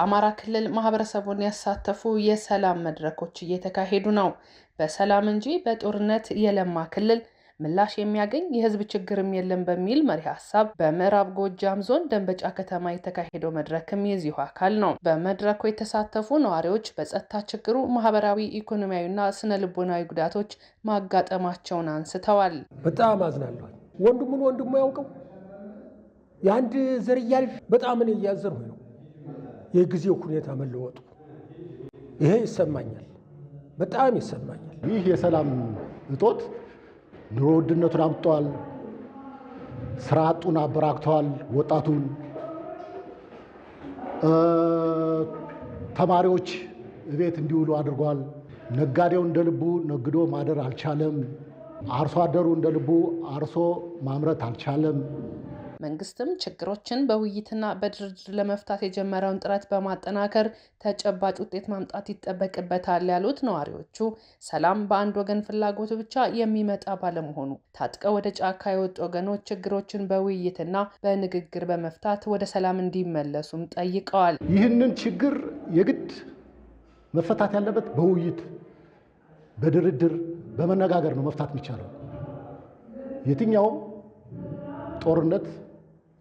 በአማራ ክልል ማህበረሰቡን ያሳተፉ የሰላም መድረኮች እየተካሄዱ ነው። በሰላም እንጂ በጦርነት የለማ ክልል ምላሽ የሚያገኝ የህዝብ ችግርም የለም በሚል መሪ ሀሳብ በምዕራብ ጎጃም ዞን ደንበጫ ከተማ የተካሄደው መድረክም የዚሁ አካል ነው። በመድረኩ የተሳተፉ ነዋሪዎች በጸጥታ ችግሩ ማህበራዊ፣ ኢኮኖሚያዊና ስነ ልቦናዊ ጉዳቶች ማጋጠማቸውን አንስተዋል። በጣም አዝናለሁ። ወንድሙን ወንድሙ ያውቀው የአንድ ዘር እያልሽ በጣም እኔ እያዘንሁ ነው የጊዜው ሁኔታ መለወጡ ይሄ ይሰማኛል፣ በጣም ይሰማኛል። ይህ የሰላም እጦት ኑሮ ውድነቱን አምጥተዋል። ስራ አጡን አበራክተዋል። ወጣቱን ተማሪዎች እቤት እንዲውሉ አድርጓል። ነጋዴው እንደ ልቡ ነግዶ ማደር አልቻለም። አርሶ አደሩ እንደ ልቡ አርሶ ማምረት አልቻለም። መንግስትም ችግሮችን በውይይትና በድርድር ለመፍታት የጀመረውን ጥረት በማጠናከር ተጨባጭ ውጤት ማምጣት ይጠበቅበታል ያሉት ነዋሪዎቹ ሰላም በአንድ ወገን ፍላጎት ብቻ የሚመጣ ባለመሆኑ ታጥቀው ወደ ጫካ የወጡ ወገኖች ችግሮችን በውይይትና በንግግር በመፍታት ወደ ሰላም እንዲመለሱም ጠይቀዋል። ይህንን ችግር የግድ መፈታት ያለበት በውይይት በድርድር በመነጋገር ነው መፍታት የሚቻለው። የትኛውም ጦርነት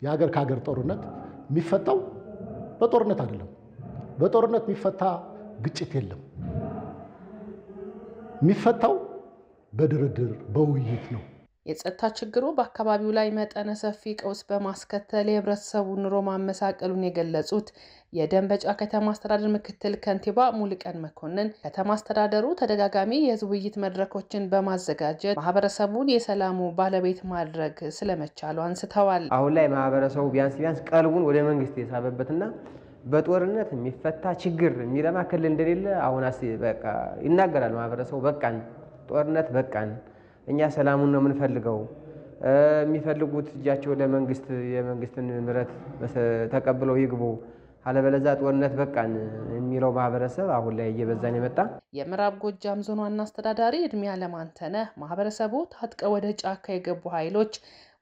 የሀገር ከሀገር ጦርነት የሚፈታው በጦርነት አይደለም። በጦርነት የሚፈታ ግጭት የለም። የሚፈታው በድርድር በውይይት ነው። የጸጥታ ችግሩ በአካባቢው ላይ መጠነ ሰፊ ቀውስ በማስከተል የህብረተሰቡ ኑሮ ማመሳቀሉን የገለጹት የደንበጫ ከተማ አስተዳደር ምክትል ከንቲባ ሙልቀን መኮንን ከተማ አስተዳደሩ ተደጋጋሚ የህዝብ ውይይት መድረኮችን በማዘጋጀት ማህበረሰቡን የሰላሙ ባለቤት ማድረግ ስለመቻሉ አንስተዋል። አሁን ላይ ማህበረሰቡ ቢያንስ ቢያንስ ቀልቡን ወደ መንግስት የሳበበትና በጦርነት የሚፈታ ችግር የሚረማ ክልል እንደሌለ አሁን ይናገራል። ማህበረሰቡ በቃን ጦርነት በቃን እኛ ሰላሙን ነው የምንፈልገው። የሚፈልጉት እጃቸው ለመንግስት የመንግስትን ምረት ተቀብለው ይግቡ፣ አለበለዛ ጦርነት በቃን የሚለው ማህበረሰብ አሁን ላይ እየበዛን የመጣ የምዕራብ ጎጃም ዞን ዋና አስተዳዳሪ እድሜ አለማንተነህ ማህበረሰቡ ታጥቀው ወደ ጫካ የገቡ ኃይሎች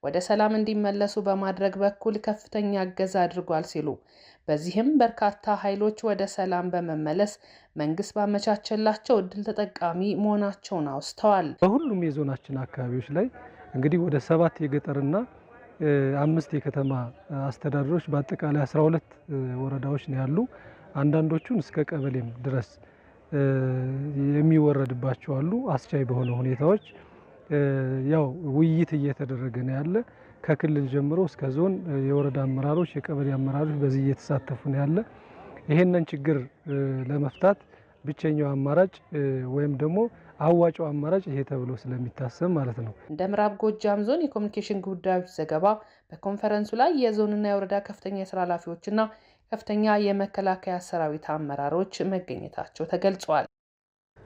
ወደ ሰላም እንዲመለሱ በማድረግ በኩል ከፍተኛ እገዛ አድርጓል ሲሉ በዚህም በርካታ ኃይሎች ወደ ሰላም በመመለስ መንግስት ባመቻቸላቸው እድል ተጠቃሚ መሆናቸውን አውስተዋል። በሁሉም የዞናችን አካባቢዎች ላይ እንግዲህ ወደ ሰባት የገጠርና አምስት የከተማ አስተዳደሮች በአጠቃላይ 12 ወረዳዎች ነው ያሉ። አንዳንዶቹን እስከ ቀበሌም ድረስ የሚወረድባቸው አሉ። አስቻይ በሆነ ሁኔታዎች ያው ውይይት እየተደረገ ነው ያለ። ከክልል ጀምሮ እስከ ዞን የወረዳ አመራሮች፣ የቀበሌ አመራሮች በዚህ እየተሳተፉ ነው ያለ። ይሄንን ችግር ለመፍታት ብቸኛው አማራጭ ወይም ደግሞ አዋጭው አማራጭ ይሄ ተብሎ ስለሚታሰብ ማለት ነው። እንደ ምዕራብ ጎጃም ዞን የኮሚኒኬሽን ጉዳዮች ዘገባ በኮንፈረንሱ ላይ የዞንና የወረዳ ከፍተኛ የስራ ኃላፊዎችና ከፍተኛ የመከላከያ ሰራዊት አመራሮች መገኘታቸው ተገልጿል።